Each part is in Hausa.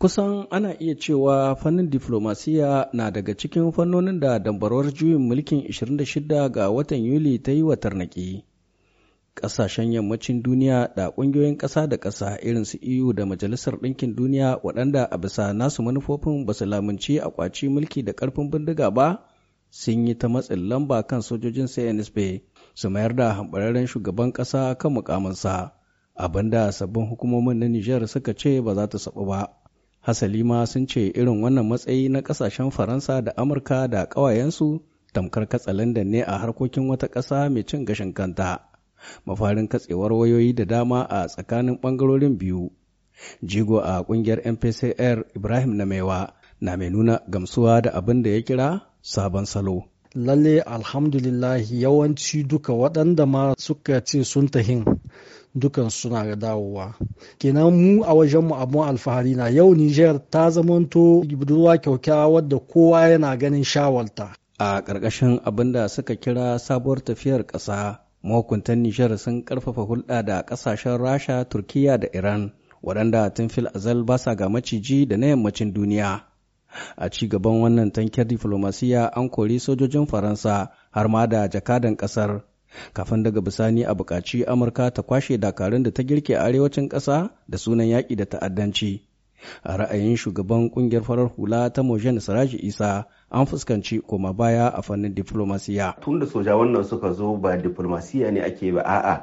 Kusan ana iya cewa fannin diflomasiya na daga cikin fannonin da dambarwar juyin mulkin 26 ga watan Yuli ta yi wa tarnaki. Ƙasashen yammacin duniya da ƙungiyoyin ƙasa da ƙasa irin su EU da Majalisar Ɗinkin Duniya waɗanda a bisa nasu manufofin ba su lamunci a ƙwaci mulki da ƙarfin bindiga ba sun yi ta matsin lamba kan sojojin CNSP su mayar da hambararren shugaban ƙasa kan mukamansa abinda sabbin hukumomin na Nijar suka ce ba za ta saɓu ba. hasali ma sun ce irin wannan matsayi na kasashen faransa da amurka da ƙawayensu tamkar katsalandan ne a harkokin wata ƙasa mai cin gashin kanta mafarin katsewar wayoyi da dama a tsakanin ɓangarorin biyu jigo a ƙungiyar mpcr ibrahim na namewa na mai nuna gamsuwa da abin da ya kira sabon salo lalle alhamdulillah yawanci duka waɗanda ma suka ce sun tahin dukan suna ga dawowa kenan mu a wajen mu abun alfahari na yau Niger ta zamanto budurwa kyaukyawa wadda kowa yana ganin shawalta a ƙarƙashin abin da suka kira sabuwar tafiyar ƙasa mahukuntan Nijar sun ƙarfafa hulɗa da ƙasashen Rasha, Turkiya da Iran waɗanda tun fil azal ba sa ga maciji da na yammacin duniya. A ci gaban wannan tankiyar diflomasiya an kori sojojin Faransa har ma da jakadan ƙasar kafin daga bisani a bukaci amurka ta kwashe dakarun da ta girke a arewacin ƙasa da sunan yaƙi da ta'addanci a ra'ayin shugaban ƙungiyar farar hula ta mojen siraji isa an fuskanci koma baya a fannin diplomasiya. tun da soja wannan suka zo ba diplomasiya ne ake ba a'a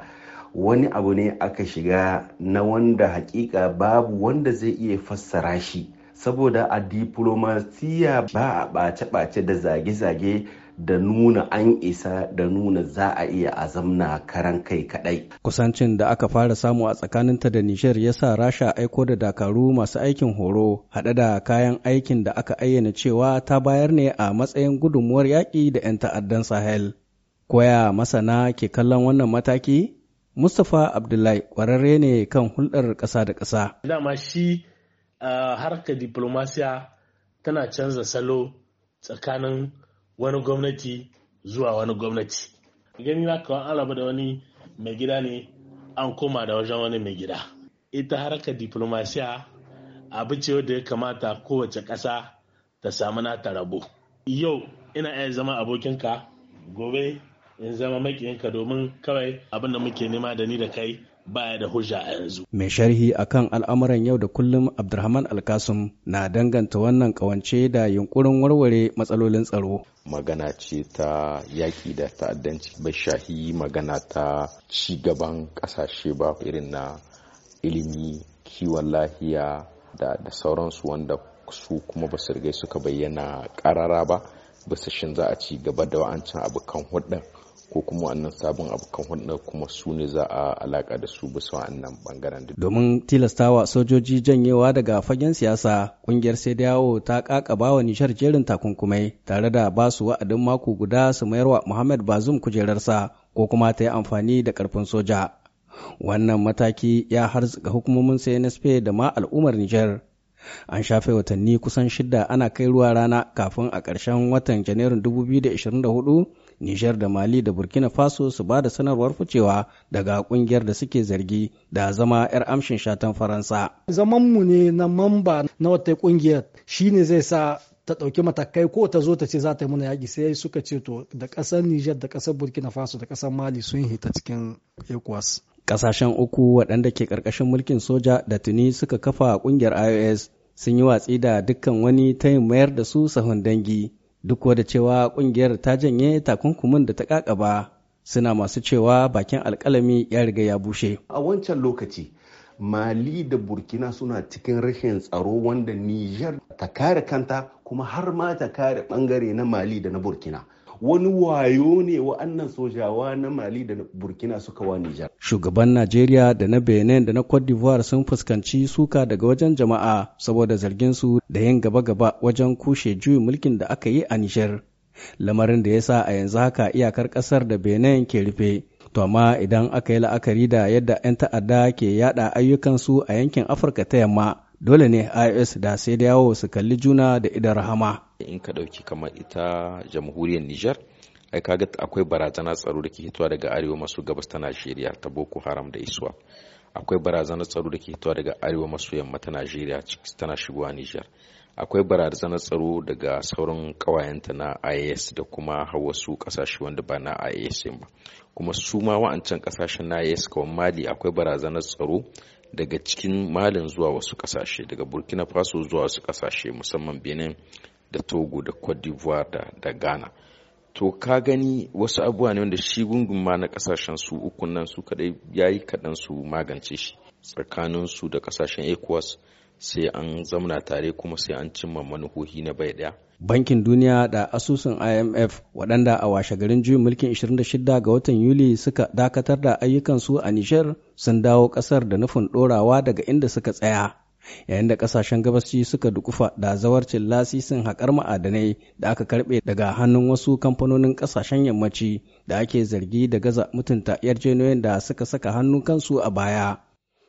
wani abu ne aka shiga na wanda hakika babu wanda zai iya fassara shi saboda a diplomasiya ba a ɓace-ɓace da zage-zage da nuna an isa da nuna za a iya azamna karan kai kadai. Kusancin da aka fara samu a tsakaninta da Nijar ya sa Rasha aiko da dakaru masu aikin horo haɗe da kayan aikin da aka ayyana cewa ta bayar ne a matsayin gudunmuwar yaƙi da 'yan ta'addan Sahel. Koya masana ke kallon wannan mataki? Mustapha Abdullahi ƙwararre ne kan hulɗar ƙasa da ƙasa. Dama shi ah, harkar diplomasiya tana canza salo tsakanin wani gwamnati zuwa wani gwamnati gani na kawai an raba da wani mai gida ne an koma da wajen wani mai gida ita harkar diplomasiya abu ce wadda ya kamata kowace ƙasa ta samu nata rabo yau ina iya zama abokinka gobe in zama makiyinka domin kawai abin da muke nema da ni da kai baya da hujja a yanzu. Mai sharhi akan al'amuran yau da kullum Abdulrahman Alkasum na danganta wannan kawance da yunkurin warware matsalolin tsaro. Magana ce ta yaƙi da ta'addanci bai shahi magana ta ci gaban ƙasashe ba irin na ilimi, kiwon lahiya, da, da sauransu wanda su kuma ba su suka bayyana ƙarara ba basu shin za a ci gaba da wa'ancan kan hudun ko kuma wannan sabon abokan hulɗa kuma su ne za a alaka da su bisa wannan bangaren. Domin tilastawa sojoji janyewa daga fagen siyasa kungiyar sai yawo ta kaka wa nishar jerin takunkumai tare da ba su wa'adin mako guda su mayarwa Muhammad Bazum kujerarsa ko kuma ta yi amfani da karfin soja. Wannan mataki ya harzuka hukumomin CNSP da ma al'ummar Nijar. an shafe watanni kusan shida ana kai ruwa rana kafin a karshen watan janairun 2024 Nijar da Mali da Burkina Faso su ba da sanarwar ficewa daga kungiyar da suke zargi da zama 'yar amshin shatan Faransa. zaman mu ne na mamba na wata kungiyar shine zai sa ta ɗauki matakai ko ta zo ta ce za ta yi mana yaƙi sai suka ce to da ƙasar Nijar da ƙasar Burkina Faso da ƙasar Mali sun hita cikin ECOWAS. Ƙasashen uku waɗanda ke ƙarƙashin mulkin soja da tuni suka kafa ƙungiyar IOS sun yi watsi da dukkan wani ta yin mayar da su sahun dangi duk da cewa kungiyar ta janye takunkumin da ta kakaba suna masu cewa bakin alkalami ya riga ya bushe a wancan lokaci mali da burkina suna cikin rashin tsaro wanda niger ta kare kanta kuma har ma ta kare bangare na mali da na burkina wani wayo ne wa'annan sojawa na mali da burkina suka wa nijar shugaban najeriya da na benin da na cote d'ivoire sun fuskanci suka daga wajen jama'a saboda zargin su da yin gaba-gaba wajen kushe juyin mulkin da aka yi a nijar lamarin da ya sa a yanzu haka iyakar kasar da benin ke rufe to amma idan aka yi la'akari da yadda 'yan ta'adda ke yada ayyukansu a yankin afirka ta yamma dole ne IOS da sai da yawo su kalli juna da idan rahama. In ka ɗauki kamar ita jamhuriyar Nijar, ai kaga akwai barazana tsaro da ke hitowa daga arewa maso gabas ta Najeriya ta Boko Haram da Iswa. Akwai barazana tsaro da ke hitowa daga arewa maso yamma ta Najeriya tana shigowa Nijar. Akwai barazana tsaro daga sauran kawayenta na IAS da kuma hawasu ƙasashe wanda ba na IAS ba. Kuma su ma wa'ancan kasashen na IAS kawai Mali akwai barazanar tsaro daga cikin malin zuwa wasu kasashe daga burkina faso zuwa wasu kasashe musamman benin da togo da cote d'ivoire da, da ghana to ka gani wasu abubuwa ne wanda shi gungun ma na kasashen su uku nan su kadai yayi kaɗan su magance shi tsakaninsu da kasashen ecowas sai an zamna tare kuma sai an cimma manuhohi na bai daya bankin duniya da asusun imf waɗanda a washe garin juyin mulkin 26 ga watan yuli suka dakatar da ayyukansu a nishar sun dawo ƙasar da nufin ɗorawa daga inda suka tsaya yayin da ƙasashen gabasci suka dukufa da zawarcin lasisin haƙar ma'adanai da aka karɓe daga hannun wasu kamfanonin ƙasashen yammaci da ake zargi da gaza mutunta yarjejeniyoyin da suka saka hannu kansu a baya